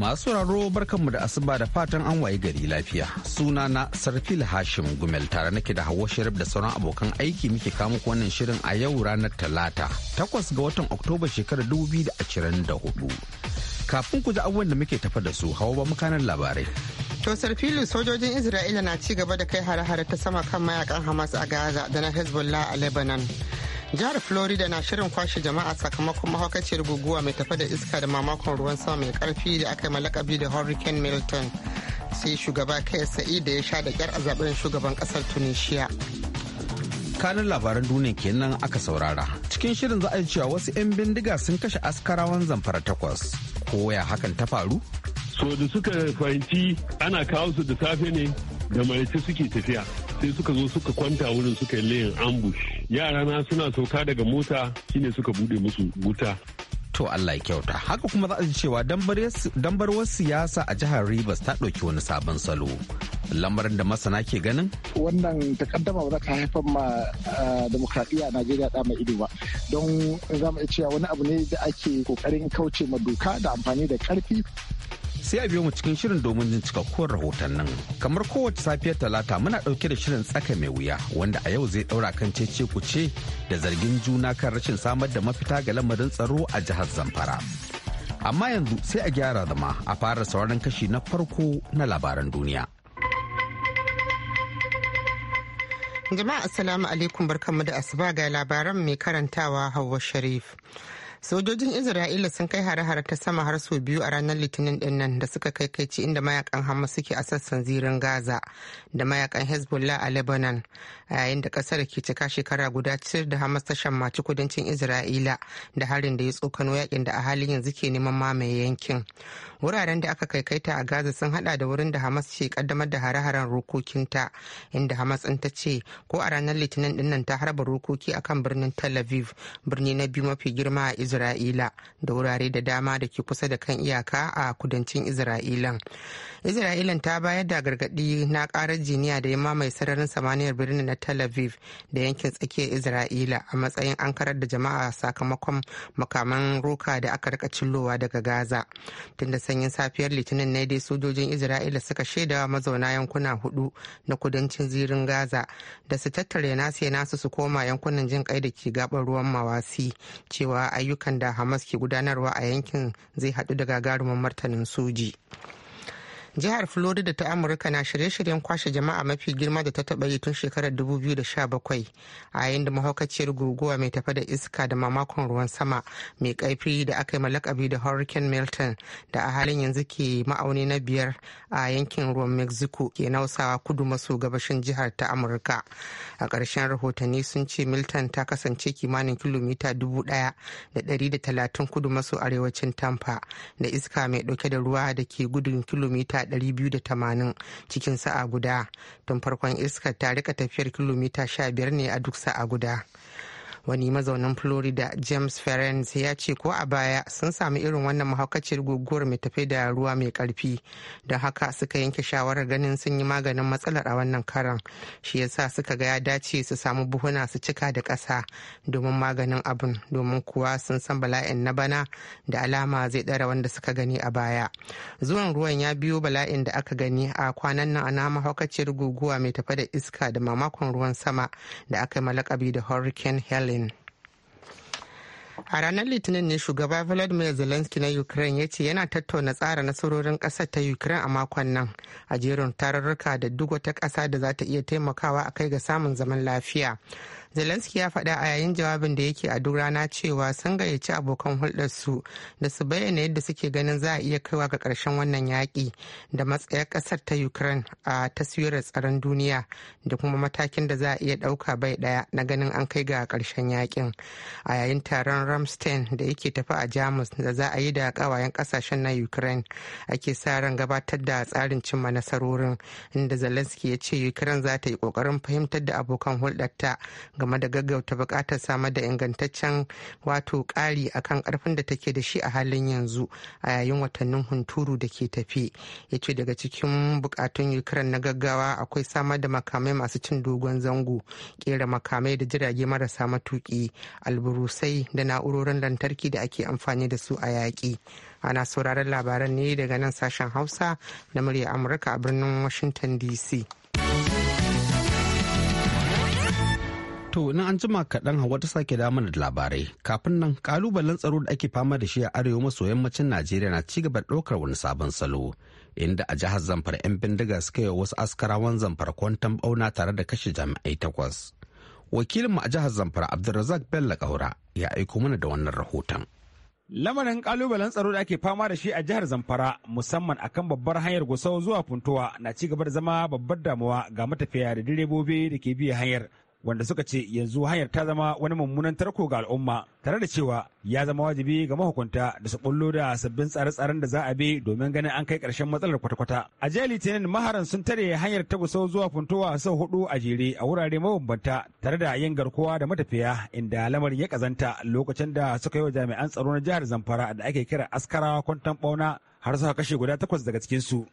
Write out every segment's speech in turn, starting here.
Masu sauraro barkanmu da asuba da fatan an waye gari lafiya. Suna na Sarfil Hashim Gumel tare nake da hawa Sharif da sauran abokan aiki muke kama wannan shirin a yau ranar Talata, takwas ga watan Oktoba shekarar 2024. Kafin ku ji abubuwan da muke tafa da su, hawa ba mukanan labarai. To Sarfilu sojojin Isra'ila na ci gaba da kai hare-hare ta sama kan mayakan Hamas a Gaza da na Hezbollah a Lebanon. jihar florida na shirin kwashe jama'a sakamakon mahaukaciyar guguwa mai tafa da iska da mamakon ruwan sama mai karfi da aka yi malakabi da hurricane milton sai shugaba kai sa'i da ya sha da kyar a zaben shugaban kasar tunisia kanin labaran duniya kenan aka saurara cikin shirin za a cewa wasu 'yan bindiga sun kashe askarawan zamfara takwas koya hakan ta faru so da suka fahimci ana kawo su da safe ne da maraice suke tafiya sai suka zo suka kwanta wurin suka yi layin ambush yara na suna sauka daga mota shine suka bude musu wuta to Allah ya kyauta haka kuma za a ji cewa dambarwar siyasa a jihar Rivers ta ɗauki wani sabon salo lamarin da masana ke ganin wannan takaddama ba za ka haifar ma demokradiyya a Najeriya da mai ido ba don za mu iya cewa wani abu ne da ake kokarin kauce ma doka da amfani da karfi sai a biyo mu cikin shirin domin jin rahoton nan kamar kowace safiyar talata muna ɗauke da shirin tsaka mai wuya wanda a yau zai ɗaura kan cece kuce da zargin juna kan rashin samar da mafita ga lamarin tsaro a jihar zamfara amma yanzu sai a gyara zama a fara sauran kashi na farko na labaran duniya jama'a assalamu alaikum barkanmu da asuba ga labaran mai karantawa hawa sharif sojojin isra'ila sun kai hare-hare ta sama har sau biyu a ranar litinin dinnan da suka kai ci inda mayakan hamas suke a sassan zirin gaza da mayakan hezbollah a lebanon a yayin da kasar ke cika shekara guda cir da hamas ta shammaci kudancin isra'ila da harin da ya tsokano yakin da a halin yanzu ke neman mamaye yankin wuraren da aka kaikaita a gaza sun hada da wurin da hamas ke kaddamar da hare-haren rokokinta inda hamas ta ce ko a ranar litinin dinnan ta harba rokoki akan birnin tel aviv birni na biyu mafi girma a isra'ila da wurare da dama da ke kusa da kan iyaka a kudancin isra'ilan isra'ilan ta bayar da gargaɗi na karar jiniya da ya mamaye sararin samaniyar birnin na tel aviv da yankin tsakiyar isra'ila a matsayin an karar da jama'a sakamakon makaman roka da aka rika cillowa daga gaza tunda sanyin safiyar litinin ne dai sojojin isra'ila suka shaida mazauna yankuna hudu na kudancin zirin gaza da su tattare nasu nasu su koma yankunan jin kai da ke gabar ruwan mawasi cewa ayyuka ayyukan da hamas ke gudanarwa a yankin zai haɗu da gagarumin martanin soji. jihar florida ta amurka na shirye-shiryen kwashe jama'a mafi girma da ta taba yi tun shekarar 2017 a yayin da mahaukaciyar guguwa mai tafa da iska da mamakon ruwan sama mai kaifi da aka yi malakabi da hurricane milton da a halin yanzu ke ma'auni na biyar a yankin ruwan mexico ke nausawa kudu maso gabashin jihar ta amurka a ƙarshen rahotanni sun ce milton ta kasance kimanin kilomita da 1,130 kudu maso arewacin tampa da iska mai ɗauke da ruwa da ke gudun kilomita kilomita 280 cikin sa'a guda tun farkon iskar ta rika tafiyar kilomita 15 ne a duk sa'a guda wani mazaunin florida james ferenc ya ce ko a baya sun sami irin wannan mahaukaciyar guguwar mai tafi da ruwa mai karfi da haka suka yanke shawarar ganin sun yi maganin matsalar a wannan karan shi yasa suka gaya dace su samu buhuna su cika da ƙasa domin maganin abin domin kuwa sun san bala'in na bana da alama zai ɗara wanda suka gani a baya zuwan ruwan ya biyo bala'in da aka gani a kwanan nan ana mahaukaciyar guguwa mai tafi da iska da mamakon ruwan sama da aka yi malakabi da hurricane helen ukraine a ranar litinin ne shugaba vladimir zelensky na ukraine ya ce yana tattauna tsara nasarorin ƙasar ta ukraine a makon nan a jerin tararruka da duk wata ƙasa da za ta iya taimakawa a kai ga samun zaman lafiya zelensky ya faɗa a yayin jawabin da yake a duk rana cewa sun gayyaci abokan hulɗarsu da su bayyana yadda suke ganin za a iya kaiwa ga ƙarshen wannan yaƙi da matsayar ƙasar ta ukraine a taswirar tsaron duniya da kuma matakin da za a iya ɗauka bai ɗaya na ganin an kai ga ƙarshen yaƙin a yayin taron ramstein da yake tafi a jamus da za a yi da ƙawayen ƙasashen na ukraine ake sa ran gabatar da tsarin cimma nasarorin inda zelensky ya ce ukraine za ta yi ƙoƙarin fahimtar da abokan hulɗarta game da gaggauta bukatar samar da ingantaccen wato ƙari kan ƙarfin da take da shi a halin yanzu a yayin watannin hunturu da ke tafi ya ce daga cikin buƙatun ukraine na gaggawa akwai samar da makamai masu cin dogon zango kera makamai da jirage marasa matuki alburusai da na'urorin lantarki da ake amfani da su a yaƙi ana sauraron labaran ne daga nan sashen hausa na murya amurka a birnin washington dc To nan an jima kaɗan hawa ta sake da labarai kafin nan kalubalen tsaro da ake fama da shi a arewa maso yammacin Najeriya na ci gaba ɗaukar wani sabon salo inda a jihar Zamfara 'yan bindiga suka yi wasu askarawan Zamfara kwantan bauna tare da kashe jami'ai takwas. wakilin mu a jihar Zamfara Abdulrazak Bello Kaura ya aiko mana da wannan rahoton. Lamarin ƙalubalen tsaro da ake fama da shi a jihar Zamfara musamman akan babbar hanyar Gusau zuwa Funtuwa na ci gaba da zama babbar damuwa ga matafiya da direbobi da ke biya hanyar wanda suka ce yanzu hanyar ta zama wani mummunan tarko ga al'umma tare da cewa ya zama wajibi ga mahukunta da su bullo da sabbin tsare-tsaren da za a bi domin ganin an kai karshen matsalar kwata-kwata. A jiya Litinin maharan sun tare hanyar ta gusau zuwa funtowa sau hudu a jere a wurare mabambanta tare da yin garkuwa da matafiya inda lamarin ya kazanta lokacin da suka yi wa jami'an tsaro na jihar Zamfara da ake kira Askara kwantan bauna har suka kashe guda takwas daga cikinsu.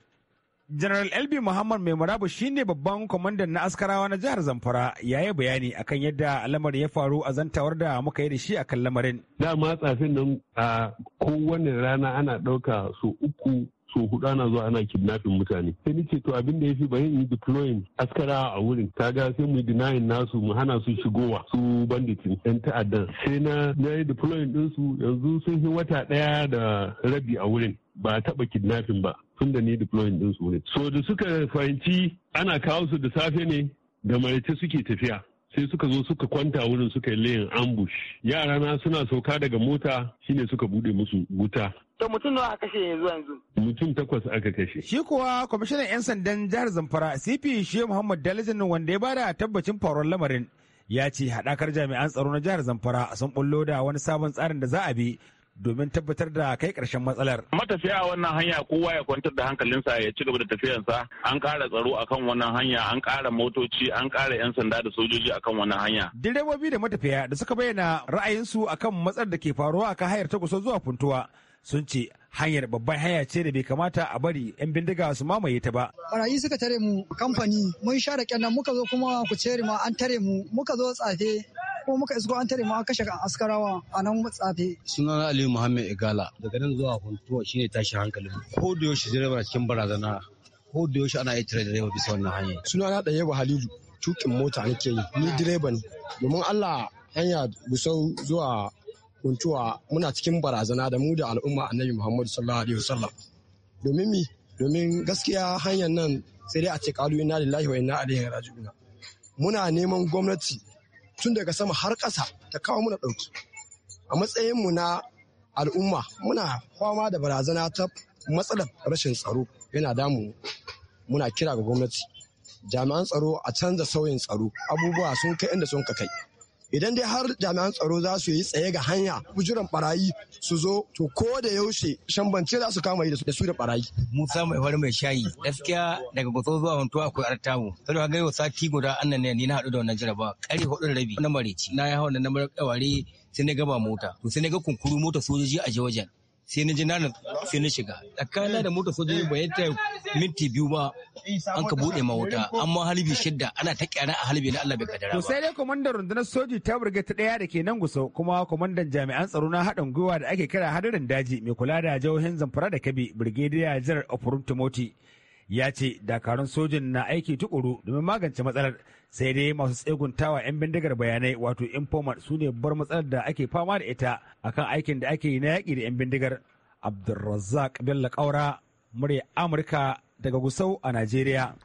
General LB Muhammad mai shi ne babban kwamandan na askarawa na jihar Zamfara ya yi bayani akan yadda lamarin ya faru a zantawar da muka yi da shi akan lamarin. Dama tsafin nan a kowane rana ana ɗauka su uku su hudu ana zuwa ana kidnapping mutane sai ni ce to abin da ya fi bayan yi deploying askara a wurin ta ga sai mu denying nasu mu hana su shigowa su banditin yan ta'addan sai na na yi deploying ɗinsu yanzu sun yi wata ɗaya da rabi a wurin ba a taɓa kidnapping ba tun da ni deploying din su ne so da suka fahimci ana kawo su da safe ne da maraice suke tafiya sai suka zo suka kwanta wurin suka yi layin ambush yara suna sauka daga mota shine suka bude musu wuta to mutum nawa aka kashe yanzu yanzu mutum takwas aka kashe shi kuwa kwamishinan yan sandan jihar zamfara cp shi muhammad dalajin wanda ya bada tabbacin faruwar lamarin ya ce haɗakar jami'an tsaro na jihar zamfara sun bullo da wani sabon tsarin da za a bi domin tabbatar da kai karshen matsalar. Matafiya a wannan hanya kowa ya kwantar da hankalinsa ya ci gaba da tafiyarsa an kara tsaro akan wannan hanya an kara motoci an kara 'yan sanda da sojoji akan wannan hanya. Direbobi da matafiya da suka bayyana ra'ayinsu akan matsalar da ke faruwa akan hanyar ta zuwa Funtuwa sun ce hanyar babban hanya ce da bai kamata a bari 'yan bindiga su mamaye ta ba. Barayi suka tare mu kamfani mun share kyanan muka zo kuma ku cere ma an tare mu muka zo tsafe ko muka isko an tare ma an kashe kan askarawa a nan Suna sunana aliyu muhammad igala daga nan zuwa huntuwa shine tashi hankalin ko da yaushe direba cikin barazana ko da yaushe ana iya da direba bisa wannan hanya sunana ɗaya ba halilu tukin mota nake yi ni direba ne domin allah hanya busau zuwa huntuwa muna cikin barazana da mu da al'umma annabi muhammadu sallallahu alaihi wasallam domin mi domin gaskiya hanyar nan sai dai a ce kalu inna lillahi wa inna ilaihi raji'un muna neman gwamnati tun daga sama har ƙasa ta kawo muna ɗauki a matsayinmu na al'umma muna fama da barazana ta matsalar rashin tsaro yana damu muna kira ga gwamnati jami'an tsaro a canza sauyin tsaro abubuwa sun kai inda sun ka kai idan dai har jami'an tsaro za su yi tsaye ga hanya bujuran barayi su zo to ko da yaushe shambance za su kama yi da su da barayi. Musa mai wani mai shayi gaskiya daga gutso zuwa huntuwa akwai artamu sai ga yau sati guda annan ne ni na haɗu da wannan jaraba kare hudu rabi na mareci na ya hawa na namar kawari sai na gaba mota to sai na ga kunkuru mota sojoji a je wajen sai na ji na sai na shiga tsakanin da motar sojoji ba yadda minti biyu ba an ka bude ma wuta amma halbi shidda ana ta kyara a halibi na Allah bai kadara ba sai dai komandan rundunar soji ta burge ta daya da ke nan gusau kuma kwamandan jami'an tsaro na haɗin gwiwa da ake kira hadarin daji mai kula da jihohin zamfara da kabi birgediya jiran ofurun timoti ya ce dakarun sojin na aiki tukuru domin magance matsalar sai dai masu tseguntawa 'yan bindigar bayanai wato informat su ne bar matsalar da ake fama da ita akan aikin da ake yi na yaƙi da 'yan bindigar abdulrazak bello kaura murya amurka daga gusau a nigeria.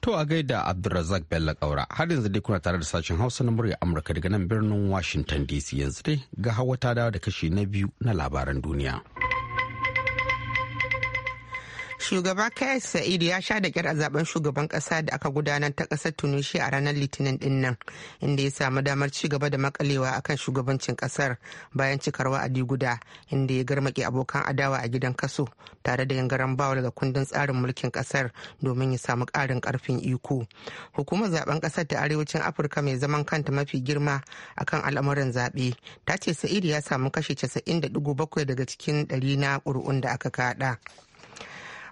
to a gaida abdulrazak bello kaura har yanzu dai kuna tare da sashen hausa na murya amurka daga nan birnin washington dc yanzu dai ga hawa ta dawo da kashi na biyu na labaran duniya. shugaba kai sa'id ya sha da kyar a zaben shugaban kasa da aka gudanar ta kasar tunisia a ranar litinin din inda ya samu damar ci gaba da makalewa akan shugabancin kasar bayan cikar wa'adi guda inda ya garmake abokan adawa a gidan kaso tare da yangaren bawul ga kundin tsarin mulkin kasar domin ya samu karin karfin iko hukumar zaben kasar ta arewacin afirka mai zaman kanta mafi girma akan al'amuran zaɓe ta ce sa'id ya samu kashi 90.7 daga cikin ɗari na ƙuri'un da aka kaɗa.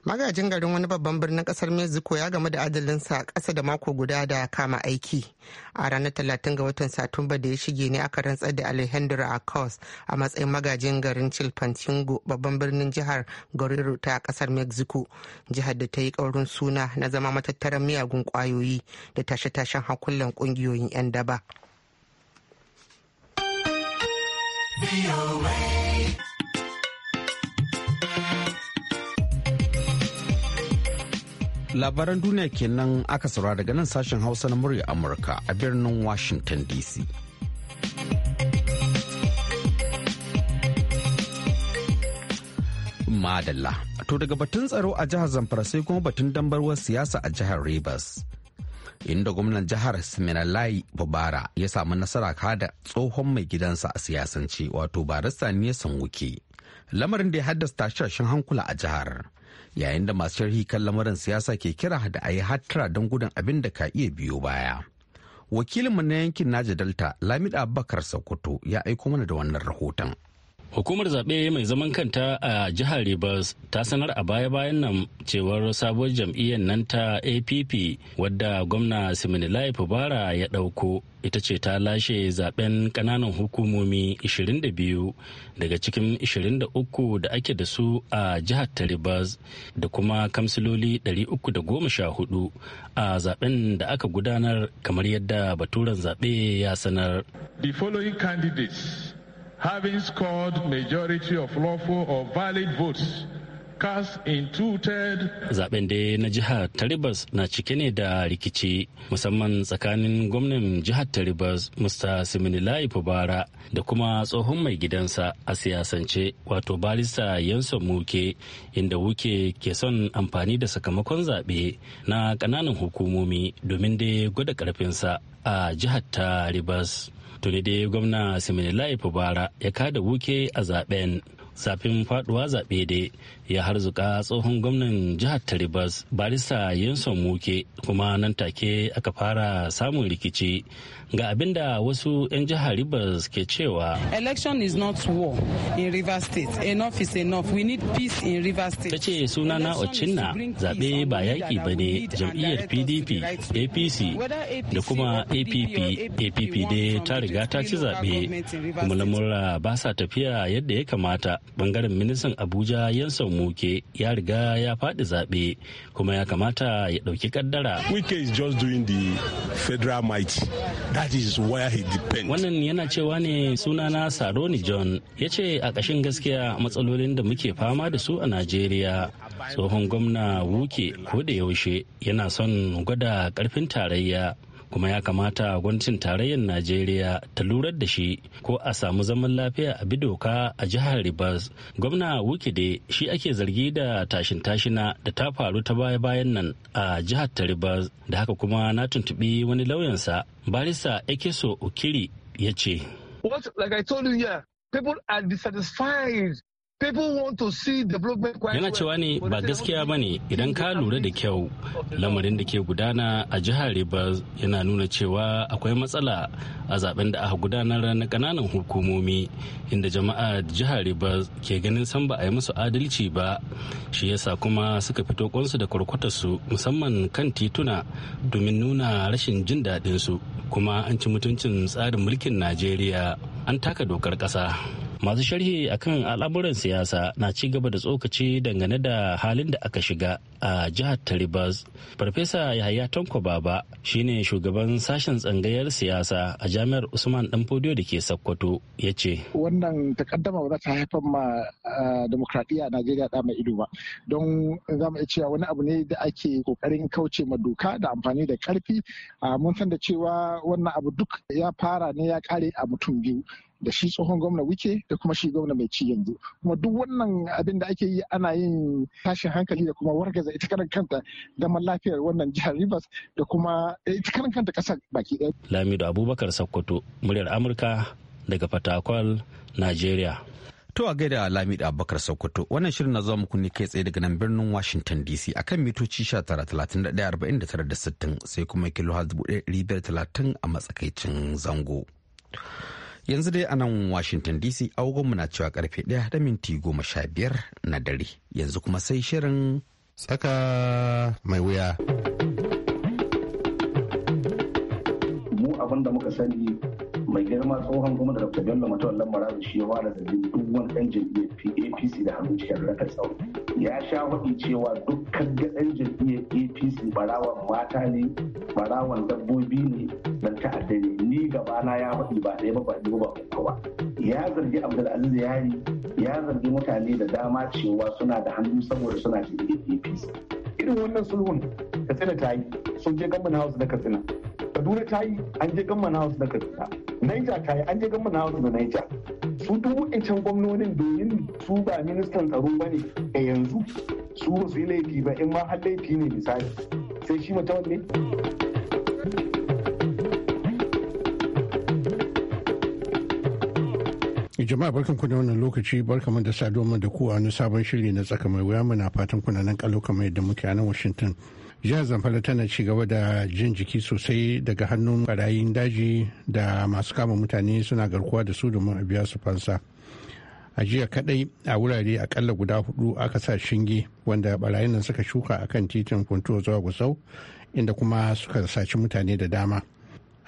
magajin garin wani babban birnin kasar mexico ya game da adalinsa kasa da mako guda da kama aiki a ranar talatin ga watan satumba da ya shige ne aka rantsar da alejandro acos a matsayin magajin garin chilpancingo babban birnin jihar guerrero ta kasar mexico jihar da ta yi ƙaurin suna na zama matattaran miyagun ƙwayoyi da tashe-tashen hakullan ƙungiyoyin 'yan daba. labaran duniya kenan aka saura daga nan sashen hausa na murya amurka a birnin washington dc madalla to daga batun tsaro a jihar zamfara sai kuma batun dambarwar siyasa a jihar rivers inda gwamnan jihar Siminalayi Bubara ya samu nasara kada tsohon mai gidansa a siyasance wato barista ne ya wuke. Lamarin da ya haddasa tashashen hankula a jihar. yayin da masu sharhi kan lamarin siyasa ke kira da a yi hattara don gudun abin da ka iya biyo baya. Wakilinmu na yankin Naja Delta lamida Abubakar Sokoto ya aiko mana da wannan rahoton. Hukumar zaɓe mai zaman kanta a jihar Rivers ta sanar a baya-bayan nan cewar sabuwar jam'iyyar nan ta APP wadda gwamna Siminilai Fubara ya ɗauko ita ce ta lashe zaben ƙananan hukumomi 22 daga cikin 23 da ake da su a jihar ta Rivers da kuma kamsiloli 314 a zaben da aka gudanar kamar yadda baturen zaɓe ya sanar. The following candidates having scored majority of lawful or valid votes Zaben dai na jihar Taribas na cike ne da rikici musamman tsakanin gwamnan jihar Taribas Mr. Siminilayi Fubara da kuma tsohon mai gidansa a siyasance wato barista Yanson Muke inda Wuke ke son amfani da sakamakon zaɓe na ƙananan hukumomi domin dai gwada ƙarfinsa a jihar Taribas. tuni dai gwamna siminalayi bara ya kada wuke a zaben zafin faduwa zaɓe dai ya harzuka tsohon gwamnan jihar taribas barista yinson muke kuma nan take aka fara samun rikici ga abinda wasu 'yan jihar ribas ke cewa election is not war in river state enough is enough we need peace in river state ta ce suna na zaɓe ba yaƙi ba ne jam'iyyar pdp apc da kuma app app dai ta riga ta ci zaɓe kuma lamura ba sa tafiya yadda ya kamata bangaren ministan abuja yanson muke ya riga ya faɗi zaɓe kuma ya kamata ya ɗauki kaddara. Wike is just doing the federal might. That is where he depends. Wannan yana cewa ne sunana Saroni John ya ce a ƙashin gaskiya matsalolin da muke fama da su a Najeriya. Tsohon gwamna Wuke ko da yaushe yana son gwada ƙarfin tarayya. kuma ya kamata gwamnatin tarayyar najeriya ta lura da shi ko a samu zaman lafiya a bidoka a jihar ribas gwamna wukide shi ake zargi da tashin tashina da ta faru ta baya bayan nan a jihar ta ribas da haka kuma na tuntubi wani lauyansa barista ekeso okiri ya ce What, like I told you, yeah, people are dissatisfied Yana cewa ne ba gaskiya ba ne idan ka lura da kyau lamarin da ke gudana a jihar Rivers yana nuna cewa akwai matsala a zaben da aka gudanar na kananan hukumomi inda jama'a jihar Rivers ke ganin san ba a yi musu adalci ba shi yasa kuma suka fito kwansu da kwarkwatarsu musamman kan tituna domin nuna rashin jin daɗinsu kuma an ci mutuncin tsarin mulkin Najeriya an taka dokar ƙasa. masu sharhi akan al'amuran siyasa na ci gaba da tsokaci dangane da halin da aka shiga a jihar taribas farfesa yahaya tanko baba shine shugaban sashen tsangayar siyasa a jami'ar usman dan fodiyo da ke sakkwato ya ce wannan takaddama ba za ta haifar ma demokradiyya a najeriya da mai ido ba don za mu iya cewa wani abu ne da ake kokarin kauce ma doka da amfani da karfi mun san da cewa wannan abu duk ya fara ne ya kare a mutum biyu da shi tsohon gwamna wike da kuma shi gwamna mai ci yanzu kuma duk wannan abin da ake yi ana yin tashin hankali da kuma wargaza ita karan kanta zaman lafiyar wannan jihar rivers da kuma eh, ita karan kanta kasar baki ɗaya. lamido abubakar sakkwato muryar amurka daga fatakwal nigeria. To a gaida lamido Abubakar Sokoto wannan shirin na zuwa muku ne kai tsaye daga nan birnin Washington DC akan mitoci 19-31-60 sai kuma kilo 1,530 a matsakaicin zango. yanzu dai a nan washington dc mu na cewa karfe 1 da minti 15 na dare yanzu kuma sai shirin tsaka mai wuya mu abin muka sani mai girma tsohon gwamnati dr bello matawallan maradu shi ya fara zargin duk wani ɗan jam'iyyar apc da hannun cikin raka tsawo ya sha hudi cewa dukkan ga ɗan jam'iyyar apc barawan mata ne barawan dabbobi ne dan ta'adda Ni ni na ya faɗi ba ɗaya ba ba ɗaya ba kowa ya zargi ya yari ya zargi mutane da dama cewa suna da hannu saboda suna jam'iyyar apc irin wannan sulhun katsina ta yi sun je gamban house na katsina kaduna ta yi an je gamma na house na kaduna niger ta yi an je gamma na house na niger su duk can gwamnonin domin su ba ministan tsaro ba ne a yanzu su ba su yi laifi ba in ma har laifi ne misali sai shi mata ne jama'a barkan ku da wannan lokaci barka da saduwa da ku a wani sabon shiri na tsaka mai wuya muna fatan kuna nan kallo kamar yadda muke a nan washington jihar zamfara tana ci gaba da jin jiki sosai daga hannun barayin daji da masu kama mutane suna garkuwa da su domin a biya su fansa a jiya kadai a wurare akalla guda hudu aka sa shinge wanda barayin nan suka shuka akan titin funtuwa zuwa gusau inda kuma suka saci mutane da dama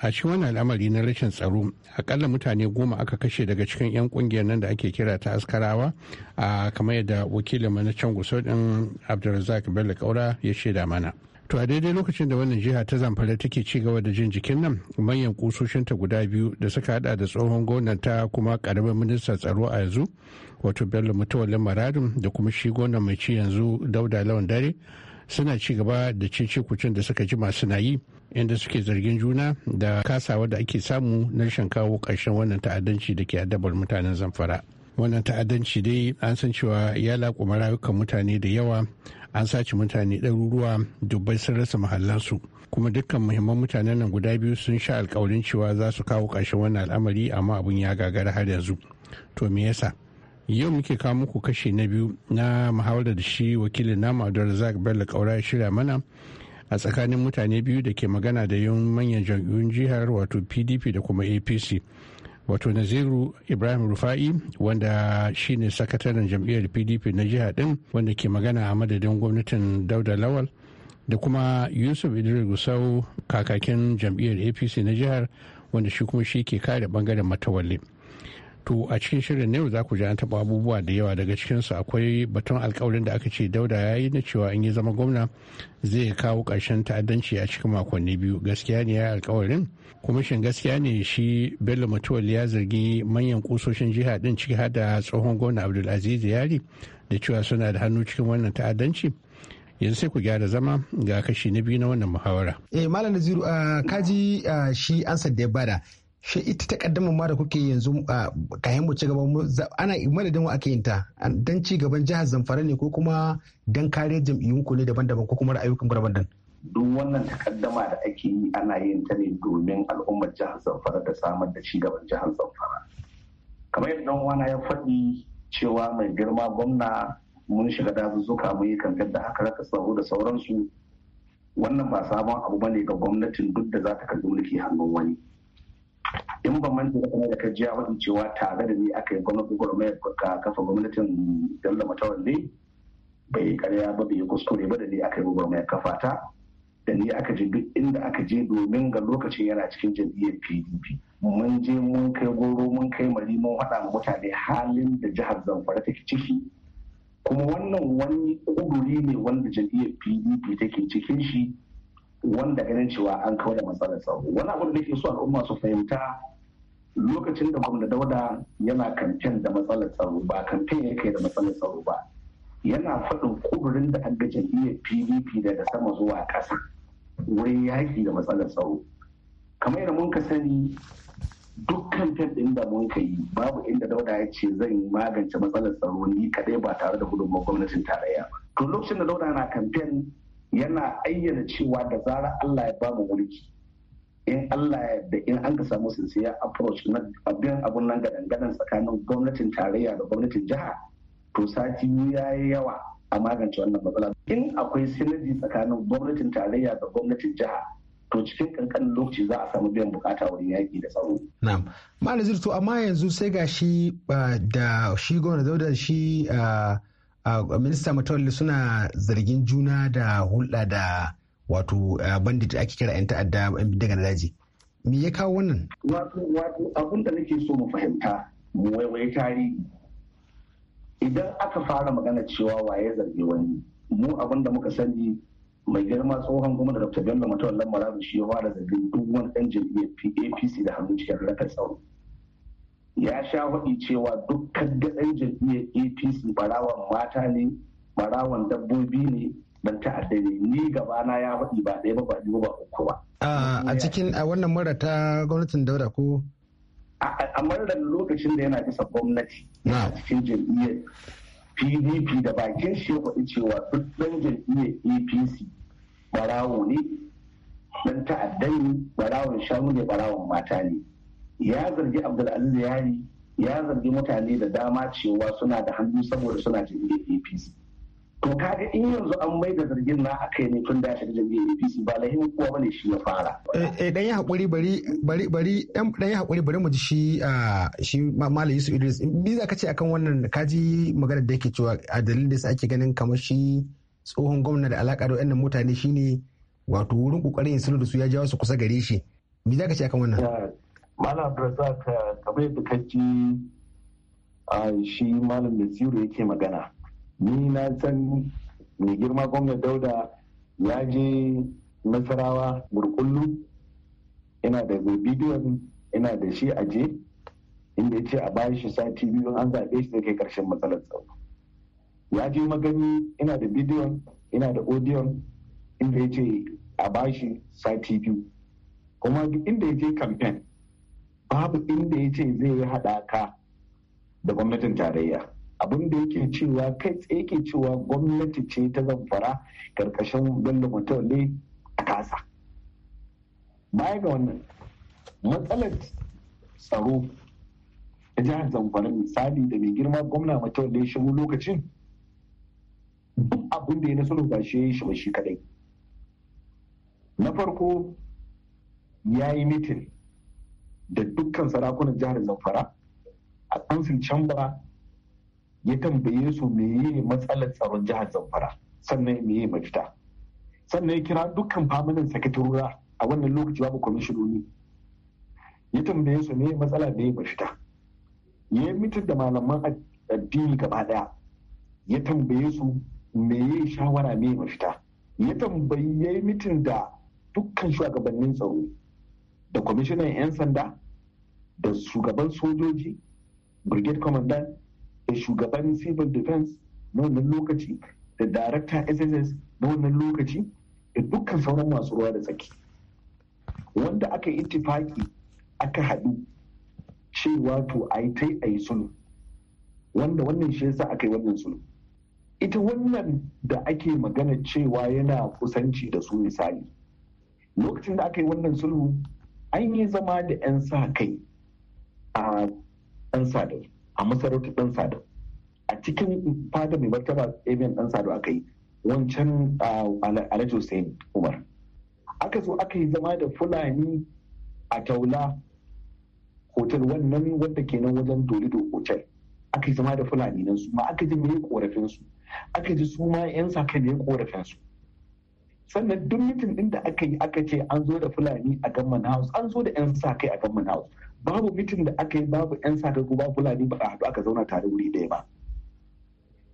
a cikin wani al'amari na rashin tsaro akalla mutane goma aka kashe daga cikin 'yan kungiyar nan da ake kira ta askarawa a kamar yadda wakilin mana can guso din abdulrazak bello kaura ya shaida mana to a daidai lokacin da wannan jiha ta zamfara take ci gaba da jin jikin nan manyan kusoshinta guda biyu da suka hada da tsohon gwamnan ta kuma karamin ministan tsaro a yanzu wato bello mutuwalin maradin da kuma shi gwamnan mai ci yanzu dauda lawan dare suna ci gaba da cece kucin da suka ji masu nayi inda suke zargin juna da kasawa da ake samu na rashin kawo karshen wannan ta'addanci da ke addabar mutanen zamfara wannan ta'addanci dai an san cewa ya laƙuma rayukan mutane da yawa an sace mutane ɗaruruwa dubbai sun rasa mahallansu kuma dukkan muhimman mutanen nan guda biyu sun sha alkawarin cewa za su kawo ƙarshen wannan al'amari amma abun ya gagara har yanzu to me yasa yau muke kawo muku kashi na biyu na muhawarar da shi wakilin namu abdul bello kaura ya shirya mana a tsakanin mutane biyu da ke magana da yin manyan jam'iyyun jihar wato pdp da kuma apc wato naziru ibrahim rufa'i wanda shine sakataren jam'iyyar pdp na jiha din wanda ke magana a madadin gwamnatin dauda lawal da kuma yusuf idris gusau kakakin jam'iyyar apc na jihar wanda shi kuma shi ke kare bangaren matawalle to a cikin shirin ne za ku ji an taɓa abubuwa da yawa daga cikinsu akwai batun alkawarin da aka ce dauda ya yi na cewa in yi zama gwamna zai kawo karshen ta'addanci a cikin makonni biyu gaskiya ne ya alkawarin kuma shin gaskiya ne shi bello mutuwal ya zargi manyan kusoshin jiha din ciki har da tsohon gwamna abdulaziz yari da cewa suna da hannu cikin wannan ta'addanci yanzu sai ku gyara zama ga kashi na biyu na wannan muhawara. eh malam naziru ah, kaji ah, shi ansa da ya bada shi ita takaddama ma da kuke yanzu kayan mu ci gaba ana madadin wa aka yin ta dan ci gaban jihar Zamfara ne ko kuma dan kare jam'iyyun ku ne daban-daban ko kuma ra'ayoyin ku daban-daban duk wannan takaddama da ake yi ana yin ta ne domin al'ummar jihar Zamfara da samar da ci gaban jihar Zamfara kamar yadda dan wana ya faɗi cewa mai girma gwamna mun shiga dazuzzuka mun yi kankan da haka raka tsaro da sauransu wannan ba sabon abu bane ga gwamnatin duk da za ta kalli mulki hannun wani in ba manta da kuma da ka jiya cewa tare da ni aka yi gwamnati gwamnati ka kafa gwamnatin dalla matawalle bai karya ba bai kuskure ba da ni aka yi gwamnati kafa ta da ni aka je duk inda aka je domin ga lokacin yana cikin jam'iyyar pdp mun je mun kai goro mun kai mari mun haɗa ma mutane halin da jihar zamfara take ciki kuma wannan wani ƙuduri ne wanda jam'iyyar pdp take cikin shi wanda ganin cewa an kawo da matsalar tsaro wani abu da nake so al'umma su fahimta lokacin da gwamna dauda yana kamfen da matsalar tsaro ba kamfen ya kai da matsalar tsaro ba yana faɗin kudurin da an ga jam'iyyar pdp daga sama zuwa ƙasa wurin yaƙi da matsalar tsaro kamar yadda mun ka sani duk kamfen ɗin da mun ka yi babu inda dauda ya ce zan magance matsalar tsaro ni kaɗai ba tare da gudunmawar gwamnatin tarayya to lokacin da dauda na kamfen yana ayyana cewa da zarar allah ya bamu mulki in Allah yadda in an ka samu sinsiya approach na abin abun nan ga dangadan tsakanin gwamnatin tarayya da gwamnatin jiha to sati ya yi yawa a magance wannan matsala in akwai sinadi tsakanin gwamnatin tarayya da gwamnatin jiha to cikin kankanin lokaci za a samu biyan bukata wurin yaki da tsaro. Na'am. Malam amma yanzu sai ga shi uh, da shi gwamna dauda shi uh, uh, minista matawalli suna zargin juna da hulɗa da wato eh, bandit ake kira 'yan ta'adda daga na daji me ya kawo wannan wato wato abin da nake so mu fahimta mu waiwai tarihi idan aka fara magana cewa waye zargi wani mu abin da muka sani mai girma tsohon gwamna dr bello matawallan marabu shi ya fara zargin duk wani dan jam'iyyar apc da hannu cikin rakar tsaro ya sha faɗi cewa dukkan dan jam'iyyar apc barawan mata ne barawan dabbobi ne dan ta'adda ne ni gabana ya faɗi ba ɗaya ba ba biyu ba uku ba. a cikin a wannan mura ta gwamnatin dauda ko. a mara lokacin da yana bisa gwamnati a cikin jam'iyyar pdp da bakin shi ya faɗi cewa duk ɗan jam'iyyar apc barawo ne ɗan ta'adda ne barawon shanu ne barawon mata ne ya zargi abdulaziz yari ya zargi mutane da dama cewa suna da hannu saboda suna jam'iyyar apc kaga in yanzu an mai da zargin na a kai ne tun da shirin jam'iyyar APC ba lahin kuwa bane shi ya fara eh, eh dan ya hakuri bari bari bari dan ya hakuri bari mu ji shi ah, shi Malam Yusuf Idris bi za ka ce akan wannan kaji magana da yake cewa a dalilin da ake ganin kamar shi tsohon gwamna da alaka da wannan mutane shine wato wurin kokarin yin sulhu da su ya jawo su kusa gare shi me za ka ce akan wannan Malam Abdulrazak kamar yadda kaji ah, shi Malam Nasiru yake magana ni na san mai girma gwamna dauda ya je nasarawa burkullu ina da bidiyon ina da shi a je inda ya ce a bayan sati biyu an zaɓe shi da karshen matsalar tsaro ya je magani ina da bidiyon ina da odiyon inda ya ce a bashi sati biyu kuma inda ya je kamfen babu inda ya ce zai yi haɗaka da gwamnatin tarayya abin da yake cewa kai tsaye ke cewa gwamnati ce ta zamfara karkashin bello ne a kasa baya ga wannan matsalar tsaro ta jihar zamfara misali da mai girma gwamna mutawalle ya shigo lokacin duk abin da ya nasu ba shi ya yi shi ba shi kadai na farko ya yi mitin da dukkan sarakunan jihar zamfara a kansin chamber ya tambaye su meye matsalar tsaron jihar zamfara sannan meye mafita sannan ya kira dukkan faminan sakatarura a wannan lokaci babu kwamishinoni ya tambaye su meye matsala meye mafita ya yi mitin da malaman addini gaba daya ya tambaye su meye shawara meye mafita ya tambayi ya yi mitin da dukkan shugabannin tsaro da kwamishinan 'yan sanda da shugaban sojoji brigade commandant da shugaban civil defense na wannan lokaci da darakta sss na wannan lokaci da dukkan sauran masu ruwa da tsaki wanda aka yi itifaki aka haɗu cewa to a yi ta yi sulhu wanda wannan shi yasa aka yi wannan sulhu ita wannan da ake magana cewa yana kusanci da su misali lokacin da aka yi wannan sulhu an yi zama da 'yan sa kai a 'yan sadari a masarautar ɗan sado a cikin fada mai martaba abin ɗan sado aka yi wancan alhaji hussein umar aka zo aka yi zama da fulani a taula hotel wannan wanda nan wajen dolido hotel aka yi zama da fulani nan su ma aka ji mai korafin su aka ji su ma yan sa kan mai korafin su sannan duk mitin din da aka yi aka ce an zo da fulani a gamman house an zo da yan sa kai a gamman house babu mitin da aka yi babu yan sa kai ko babu fulani ba a haɗu aka zauna tare wuri ɗaya ba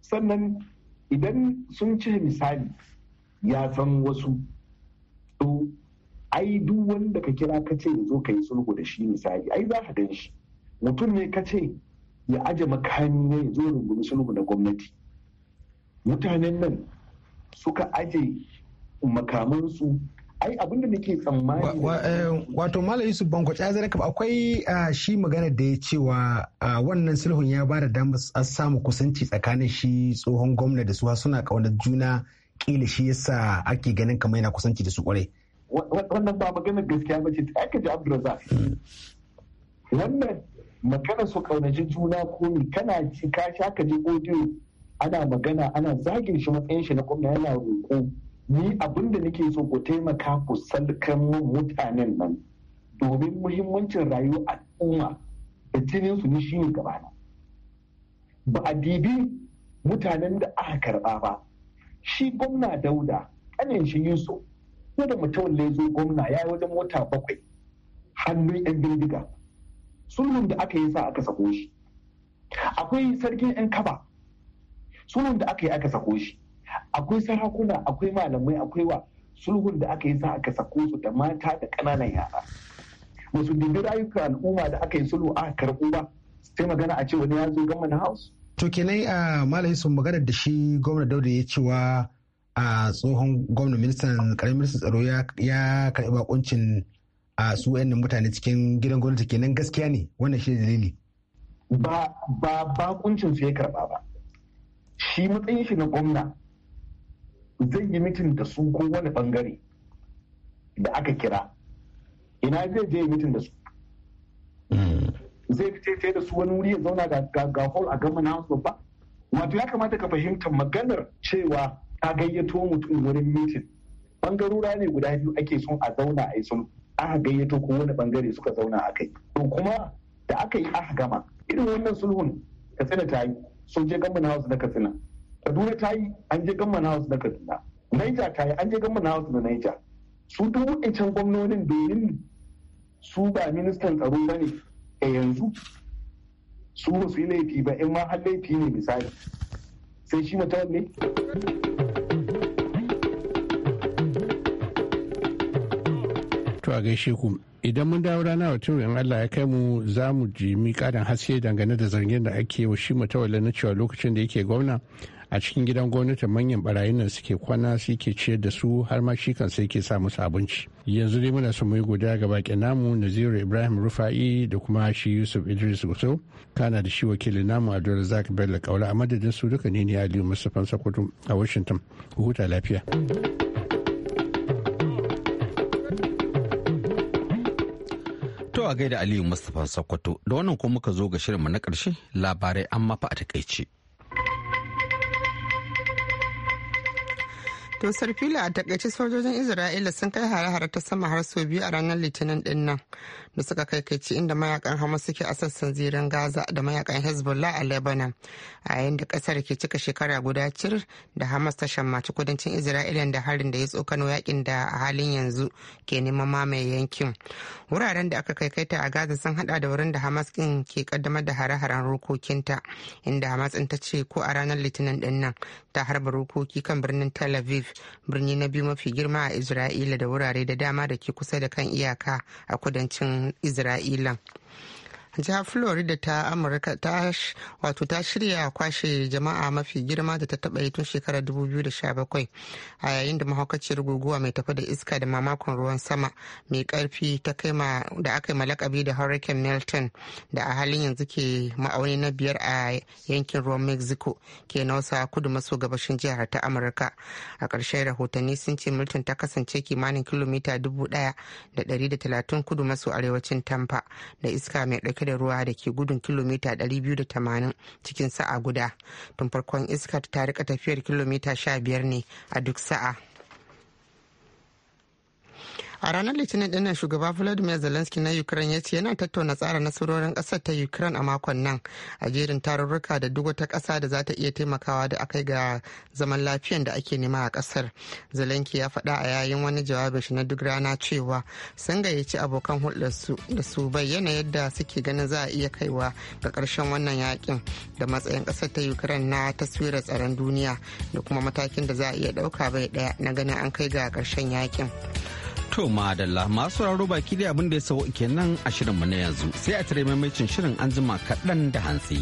sannan idan sun ce misali ya san wasu to ai duk wanda ka kira ka ce zo ka yi sulhu da shi misali ai za ka gan mutum ne ka ce ya aje makami ne ya zo rungumi sulhu na gwamnati mutanen nan suka aje makamansu ai abinda da nake tsammani eh, wato malam yusuf banko ya zara akwai ah, shi magana da ya cewa ah, wannan sulhun ya ba da damar samu kusanci tsakanin shi tsohon gwamna da suwa suna kauna juna kila shi yasa ake ganin kamar yana kusanci da su kwarai wannan ba maganar gaskiya ba ce aka ji abdulrazak wannan magana su kaunaci juna ni kana ci ka sha ka ji audio ana magana ana zagin shi matsayin shi na gwamna yana roƙo ni abin da nake so ku taimaka ku salkan mutanen nan domin muhimmancin rayuwar al'umma da jinin su ni shine gabana ba a dibi mutanen da aka karba ba shi gwamna dauda kanin shi yusuf ko da mutum ne zo gwamna ya yi wajen mota bakwai hannun yan bindiga sulhun da aka yi sa aka sako shi akwai sarkin yan kaba sulhun da aka yi aka sako shi akwai sarakuna akwai malamai akwai wa sulhun da aka yi sa aka sako su da mata da ƙananan yara ba su dubi rayuka al'umma da aka yi sulhu a karɓo ba sai magana a ce wani ya zo gama house to kenai a malayi sun magana da shi gwamna dauda ya cewa a tsohon gwamnan ministan karamin ministan tsaro ya karɓi bakuncin a su wayannan mutane cikin gidan gwamnati kenan gaskiya ne wannan shi dalili ba ba bakuncin su ya karɓa ba shi matsayin shi na gwamna zai yi mitin da su ko wani bangare da aka kira ina zai je mitin da su hmm. zai fice da su wani wuri ya zauna ga hall a gama na ba? wato ya kamata ka fahimta maganar cewa ta gayyato mutum wurin mitin bangarora ne guda biyu ake son a zauna a yi sun aka gayyato ko wani bangare suka zauna a kai to kuma da aka yi aka gama irin wannan sulhun katsina ta yi sun je gama na na katsina kaduna ta yi an je gamman house na kaduna naija ta yi an je gamman house na naija su duk waɗancan gwamnonin domin su ba ministan tsaro ba ne a yanzu su ba su yi laifi ba in ma har laifi ne misali sai shi mutum ne to a gaishe ku idan mun dawo rana wa tun in Allah ya kai mu za mu ji mi karin haske dangane da zargin da ake wa shi mutawalla na cewa lokacin da yake gwamna a cikin gidan gwamnati manyan barayin nan suke kwana suke ciyar da su har ma shi kan sai ke sa musu abinci yanzu dai muna so mu yi godiya ga baƙin namu naziru ibrahim rufa'i da kuma shi yusuf idris gusau kana da shi wakilin namu adol zak bello kaula a madadin su duka ne ne aliyu mustapha sokoto a washington huta lafiya To a gaida Aliyu Mustapha Sokoto da wannan kuma muka zo ga shirinmu na karshe labarai amma fa a takaice. To sarfila a takaice sojojin Isra'ila sun kai hare-hare ta sama har sau biyu a ranar litinin din da suka kai kaici inda mayakan Hamas suke a sassan zirin Gaza da mayakan Hezbollah a Lebanon a yayin da kasar ke cika shekara guda cir da Hamas ta shammaci kudancin Isra'ila da harin da ya tsokano yakin da a halin yanzu ke neman mamaye yankin. Wuraren da aka kai kai ta a Gaza sun hada da wurin da Hamas din ke kaddamar da hare-haren rukokinta inda Hamas ta ce ko a ranar litinin dinnan ta harba rukoki kan birnin Tel Aviv birni na biyu mafi girma a isra'ila da wurare da dama da ke kusa da kan iyaka a kudancin isra'ilan jihar florida ta amurka ta wato ta shirya kwashe jama'a mafi girma da ta taba yi tun shekarar 2017 a yayin da mahaukaciyar guguwa mai tafi da iska da mamakon ruwan sama mai karfi ta kai ma da aka yi malakabi da hurricane milton da a halin yanzu ke ma'auni na biyar a yankin ruwan mexico ke nausa kudu maso gabashin jihar ta amurka a ƙarshen rahotanni sun ce milton ta kasance kimanin kilomita da 1,130 kudu maso arewacin tampa da iska mai ɗauke ɗauke da ruwa da ke gudun kilomita 280 cikin sa'a guda tun farkon iskar ta rika tafiyar kilomita 15 ne a duk sa'a a ranar litinin nan shugaba vladimir zelensky na ukraine ya ce yana tattauna tsara nasarorin kasar ta ukraine a makon nan a jerin tarurruka da duk wata kasa da za ta iya taimakawa da akai ga zaman lafiyan da ake nema a kasar zelensky ya faɗa a yayin wani jawabin shi na duk rana cewa sun gayyaci abokan hulɗarsu da su bayyana yadda suke ganin za a iya kaiwa ga karshen wannan yakin da matsayin kasar ta ukraine na taswira tsaron duniya da kuma matakin da za a iya ɗauka bai ɗaya na ganin an kai ga karshen yakin. To madalla masu sauraro baki da abin da ya sawo kenan a shirinmu na yanzu sai a tare maimacin shirin an jima kaɗan da hantsi.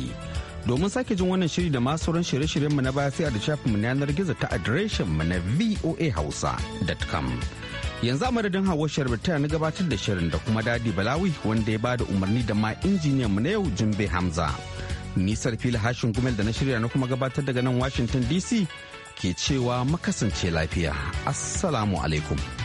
Domin sake jin wannan shiri da masu sauran shirye-shiryenmu na baya sai a da shafinmu na yanar gizo ta adireshinmu na voahausa.com. Yanzu a madadin hawa sharbata na gabatar da shirin da kuma dadi balawi wanda ya ba da umarni da ma mu na yau jimbe hamza. Ni fili hashin gumel da na shirya na kuma gabatar daga nan Washington DC ke cewa makasance lafiya. Assalamu alaikum.